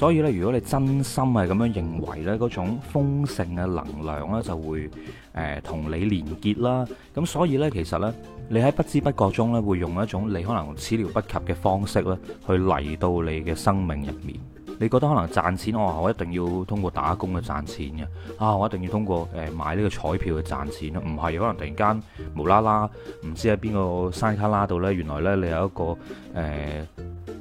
所以咧，如果你真心係咁樣認為呢，嗰種豐盛嘅能量呢，就會誒同你連結啦。咁所以呢，其實呢，你喺不知不覺中呢，會用一種你可能始料不及嘅方式呢，去嚟到你嘅生命入面。你覺得可能賺錢，我話我一定要通過打工去賺錢嘅。啊，我一定要通過誒買呢個彩票去賺錢啦。唔係，有可能突然間無啦啦，唔知喺邊個山卡拉度呢，原來呢，你有一個誒、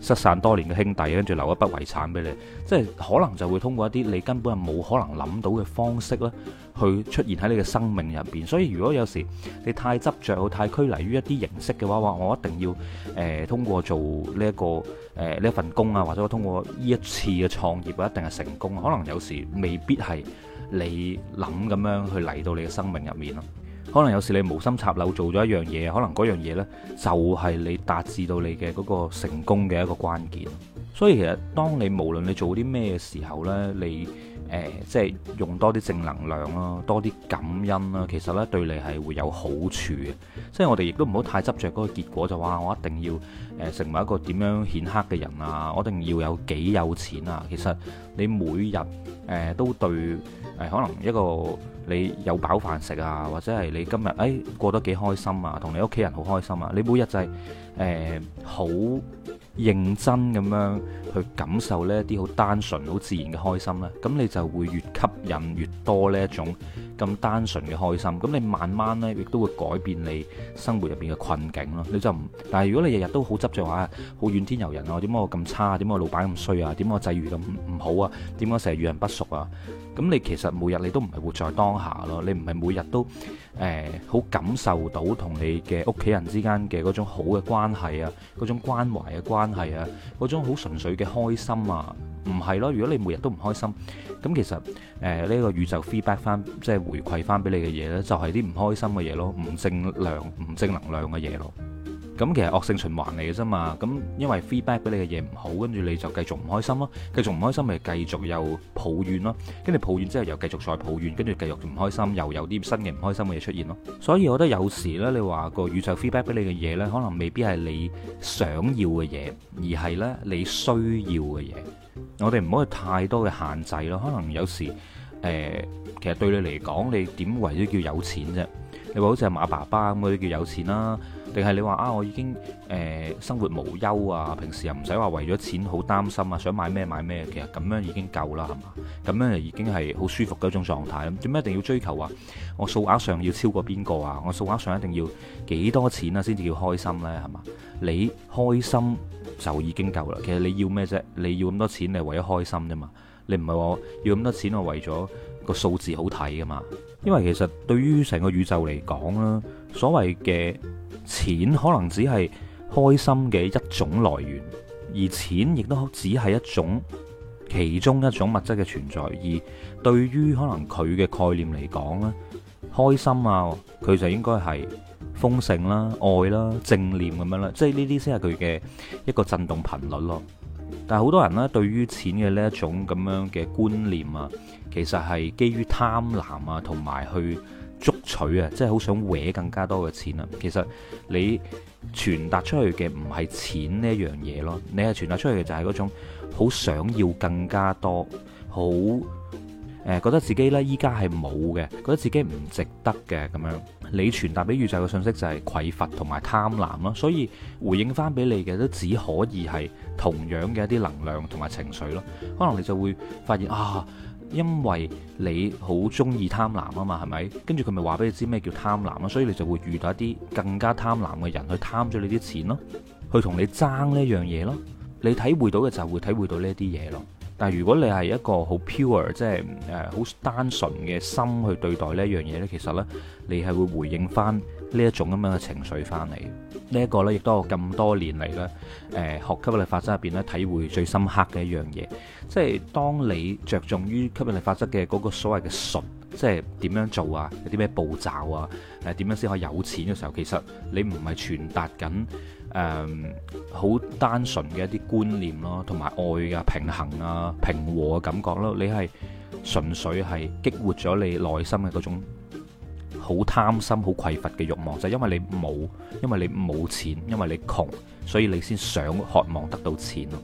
失散多年嘅兄弟，跟住留一筆遺產俾你，即係可能就會通過一啲你根本係冇可能諗到嘅方式咧，去出現喺你嘅生命入邊。所以如果有時你太執着、太拘泥於一啲形式嘅話，話我一定要誒、呃、通過做呢、這、一個誒呢、呃、份工啊，或者我通過呢一次嘅創業或一定係成功，可能有時未必係你諗咁樣去嚟到你嘅生命入面咯。可能有時你無心插柳做咗一樣嘢，可能嗰樣嘢呢，就係你達至到你嘅嗰個成功嘅一個關鍵。所以其實，當你無論你做啲咩時候呢，你誒、呃、即係用多啲正能量啦、啊，多啲感恩啦、啊，其實呢，對你係會有好處嘅。即係我哋亦都唔好太執着嗰個結果，就話我一定要誒、呃、成為一個點樣顯赫嘅人啊！我一定要有幾有錢啊！其實你每日誒、呃、都對誒、呃，可能一個你有飽飯食啊，或者係你今日誒、哎、過得幾開心啊，同你屋企人好開心啊，你每日就係、是、誒、呃、好，認真咁樣去感受呢一啲好單純、好自然嘅開心呢，咁你就會越吸引越多呢一種。咁單純嘅開心，咁你慢慢呢亦都會改變你生活入邊嘅困境咯。你就唔，但係如果你日日都好執着話，好怨天尤人啊，點解我咁差啊？點解我老闆咁衰啊？點解我際遇咁唔好啊？點解成日遇人不淑啊？咁你其實每日你都唔係活在當下咯，你唔係每日都誒好、呃、感受到同你嘅屋企人之間嘅嗰種好嘅關係啊，嗰種關懷嘅關係啊，嗰種好純粹嘅開心啊！唔係咯，如果你每日都唔開心，咁其實誒呢個宇宙 feedback 翻，即係回饋翻俾你嘅嘢咧，就係啲唔開心嘅嘢咯，唔正能量唔正能量嘅嘢咯。咁其實惡性循環嚟嘅啫嘛。咁因為 feedback 俾你嘅嘢唔好，跟住你就繼續唔開心咯，繼續唔開心咪繼續又抱怨咯，跟住抱怨之後又繼續再抱怨，跟住繼續唔開心，又有啲新嘅唔開心嘅嘢出現咯。所以我覺得有時咧，你話個宇宙 feedback 俾你嘅嘢咧，可能未必係你想要嘅嘢，而係咧你需要嘅嘢。我哋唔好有太多嘅限制咯，可能有時誒、呃，其實對你嚟講，你點為咗叫有錢啫？你話好似阿馬爸爸咁都叫有錢啦，啊，定係你話啊？我已經誒、呃、生活無憂啊，平時又唔使話為咗錢好擔心啊，想買咩買咩，其實咁樣已經夠啦，係嘛？咁樣已經係好舒服嘅一種狀態，點解一定要追求啊？我數額上要超過邊個啊？我數額上一定要幾多錢啊，先至叫開心呢，係嘛？你開心？就已經夠啦。其實你要咩啫？你要咁多錢你，你為咗開心啫嘛。你唔係話要咁多錢，係為咗個數字好睇噶嘛。因為其實對於成個宇宙嚟講啦，所謂嘅錢可能只係開心嘅一種來源，而錢亦都只係一種其中一種物質嘅存在。而對於可能佢嘅概念嚟講咧，開心啊，佢就應該係。豐盛啦、愛啦、正念咁樣啦，即係呢啲先係佢嘅一個震動頻率咯。但係好多人呢，對於錢嘅呢一種咁樣嘅觀念啊，其實係基於貪婪啊，同埋去捉取啊，即係好想搲更加多嘅錢啊。其實你傳達出去嘅唔係錢呢樣嘢咯，你係傳達出去嘅就係嗰種好想要更加多好。誒覺得自己呢，依家係冇嘅，覺得自己唔值得嘅咁樣，你傳達俾宇宙嘅信息就係匱乏同埋貪婪咯，所以回應翻俾你嘅都只可以係同樣嘅一啲能量同埋情緒咯，可能你就會發現啊，因為你好中意貪婪啊嘛，係咪？跟住佢咪話俾你知咩叫貪婪咯，所以你就會遇到一啲更加貪婪嘅人去貪咗你啲錢咯，去同你爭呢一樣嘢咯，你體會到嘅就係會體會到呢啲嘢咯。但如果你係一個好 pure，即係誒好單純嘅心去對待呢一樣嘢咧，其實咧你係會回應翻、這個、呢一種咁樣嘅情緒翻嚟。呢一個咧亦都係我咁多年嚟咧誒學吸引力法則入邊咧體會最深刻嘅一樣嘢。即係當你着重於吸引力法則嘅嗰個所謂嘅術，即係點樣做啊？有啲咩步驟啊？誒點樣先可以有錢嘅時候，其實你唔係傳達緊。誒，好、um, 單純嘅一啲觀念咯，同埋愛啊、平衡啊、平和嘅感覺咯。你係純粹係激活咗你內心嘅嗰種好貪心、好匱乏嘅慾望，就係、因為你冇，因為你冇錢，因為你窮，所以你先想渴望得到錢咯。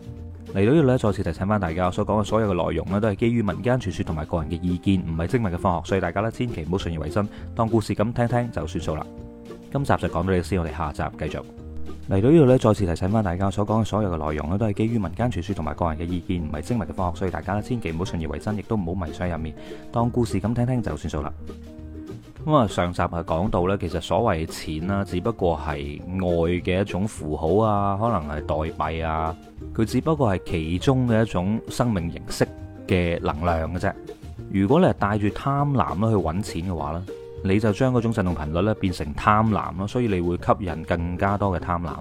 嚟到呢度呢，再次提醒翻大家，我所講嘅所有嘅內容呢，都係基於民間傳說同埋個人嘅意見，唔係精密嘅科學，所以大家呢，千祈唔好信以為真，當故事咁聽聽就算數啦。今集就講到呢度先，我哋下集繼續。嚟到呢度咧，再次提醒翻大家，所講嘅所有嘅內容咧，都係基於民間傳說同埋個人嘅意見，唔係精密嘅科學，所以大家千祈唔好信以為真，亦都唔好迷上入面當故事咁聽聽就算數啦。咁啊，上集係講到呢，其實所謂錢啦，只不過係愛嘅一種符號啊，可能係代幣啊，佢只不過係其中嘅一種生命形式嘅能量嘅啫。如果你係帶住貪婪啦去揾錢嘅話咧，你就將嗰種振動頻率咧變成貪婪咯，所以你會吸引更加多嘅貪婪。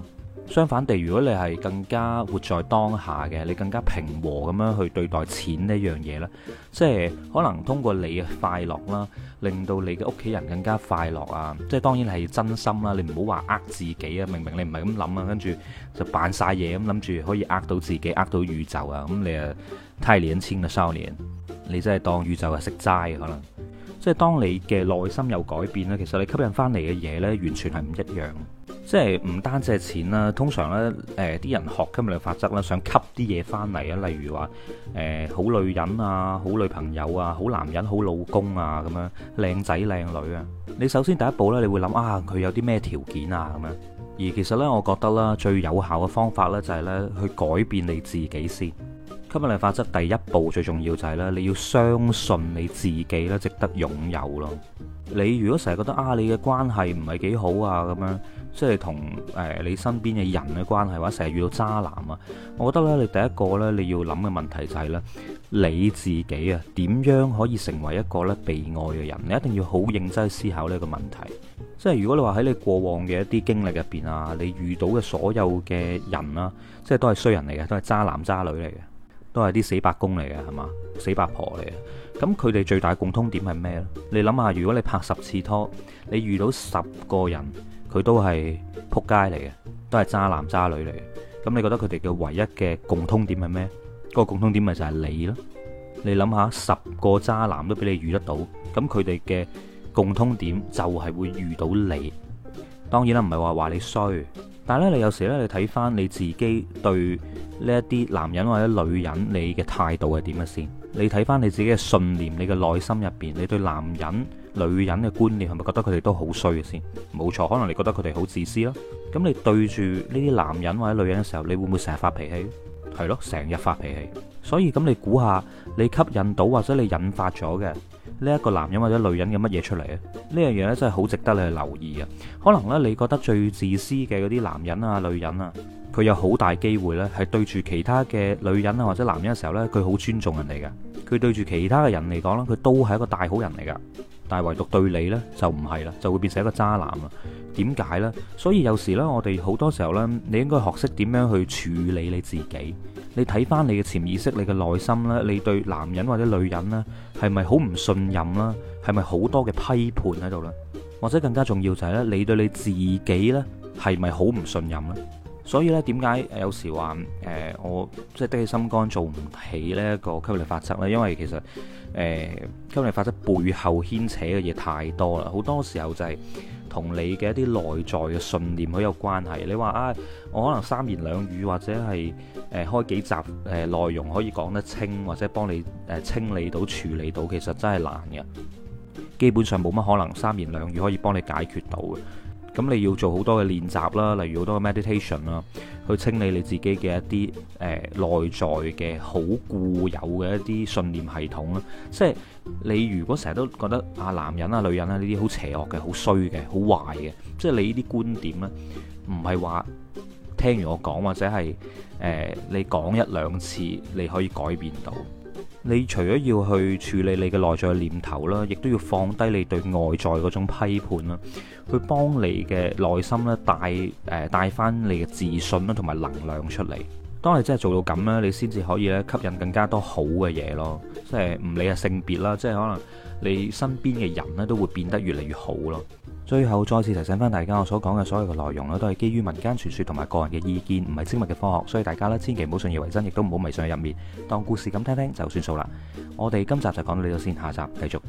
相反地，如果你係更加活在當下嘅，你更加平和咁樣去對待錢呢樣嘢啦，即係可能通過你嘅快樂啦，令到你嘅屋企人更加快樂啊！即係當然係真心啦，你唔好話呃自己啊，明明你唔係咁諗啊，跟住就扮晒嘢咁諗住可以呃到自己、呃到宇宙啊！咁你啊太年輕啦，少年，你真係當宇宙係食齋可能。即係當你嘅內心有改變咧，其實你吸引翻嚟嘅嘢咧，完全係唔一樣。即係唔單止係錢啦，通常咧，誒啲人學吸引力法則啦，想吸啲嘢翻嚟啊，例如話誒、呃、好女人啊、好女朋友啊、好男人、好老公啊咁樣，靚仔靚女啊。你首先第一步咧，你會諗啊，佢有啲咩條件啊咁樣。而其實呢，我覺得咧，最有效嘅方法呢，就係呢去改變你自己先。吸引力法則第一步最重要就係咧，你要相信你自己咧，值得擁有咯。你如果成日覺得啊，你嘅關係唔係幾好啊，咁樣即係同誒你身邊嘅人嘅關係話，成日遇到渣男啊，我覺得咧，你第一個咧，你要諗嘅問題就係咧，你自己啊點樣可以成為一個咧被愛嘅人？你一定要好認真思考呢個問題。即係如果你話喺你過往嘅一啲經歷入邊啊，你遇到嘅所有嘅人啦，即係都係衰人嚟嘅，都係渣男渣女嚟嘅。都係啲死八公嚟嘅，係嘛？死八婆嚟嘅。咁佢哋最大共通點係咩咧？你諗下，如果你拍十次拖，你遇到十個人，佢都係仆街嚟嘅，都係渣男渣女嚟嘅。咁你覺得佢哋嘅唯一嘅共通點係咩咧？嗰個共通點咪就係你咯。你諗下，十個渣男都俾你遇得到，咁佢哋嘅共通點就係會遇到你。當然啦，唔係話話你衰。但係咧，你有時咧，你睇翻你自己對呢一啲男人或者女人你嘅態度係點嘅先？你睇翻你自己嘅信念，你嘅內心入邊，你對男人、女人嘅觀念係咪覺得佢哋都好衰嘅先？冇錯，可能你覺得佢哋好自私咯。咁你對住呢啲男人或者女人嘅時候，你會唔會成日發脾氣？係咯，成日發脾氣。所以咁，你估下你吸引到或者你引發咗嘅？呢一個男人或者女人有乜嘢出嚟咧？呢樣嘢咧真係好值得你去留意嘅。可能咧，你覺得最自私嘅嗰啲男人啊、女人啊，佢有好大機會咧，係對住其他嘅女人啊或者男人嘅時候咧，佢好尊重人哋嘅。佢對住其他嘅人嚟講咧，佢都係一個大好人嚟㗎。但係唯獨對你呢，就唔係啦，就會變成一個渣男啦。點解呢？所以有時呢，我哋好多時候呢，你應該學識點樣去處理你自己。你睇翻你嘅潛意識、你嘅內心呢，你對男人或者女人呢，係咪好唔信任啦？係咪好多嘅批判喺度呢？或者更加重要就係咧，你對你自己呢，係咪好唔信任呢？所以咧，點解有時話誒、呃、我即係的起心肝做唔起呢一個吸引力法則呢？因為其實誒、呃、吸引力法則背後牽扯嘅嘢太多啦，好多時候就係同你嘅一啲內在嘅信念好有關係。你話啊，我可能三言兩語或者係誒、呃、開幾集誒內容可以講得清，或者幫你誒清理到處理到，其實真係難嘅。基本上冇乜可能三言兩語可以幫你解決到嘅。咁你要做好多嘅練習啦，例如好多嘅 meditation 啦，去清理你自己嘅一啲誒、呃、內在嘅好固有嘅一啲信念系統啦。即係你如果成日都覺得啊男人啊女人啦呢啲好邪惡嘅、好衰嘅、好壞嘅，即係你呢啲觀點咧，唔係話聽完我講或者係誒、呃、你講一兩次你可以改變到。你除咗要去處理你嘅內在嘅念頭啦，亦都要放低你對外在嗰種批判啦，去幫你嘅內心咧帶誒帶翻你嘅自信啦同埋能量出嚟。當你真係做到咁咧，你先至可以咧吸引更加多好嘅嘢咯。即係唔理啊性別啦，即係可能你身邊嘅人咧都會變得越嚟越好咯。最後再次提醒翻大家，我所講嘅所有嘅內容呢，都係基於民間傳說同埋個人嘅意見，唔係精密嘅科學，所以大家呢千祈唔好信以為真，亦都唔好迷上入面，當故事咁聽聽就算數啦。我哋今集就講到呢度先，下集繼續。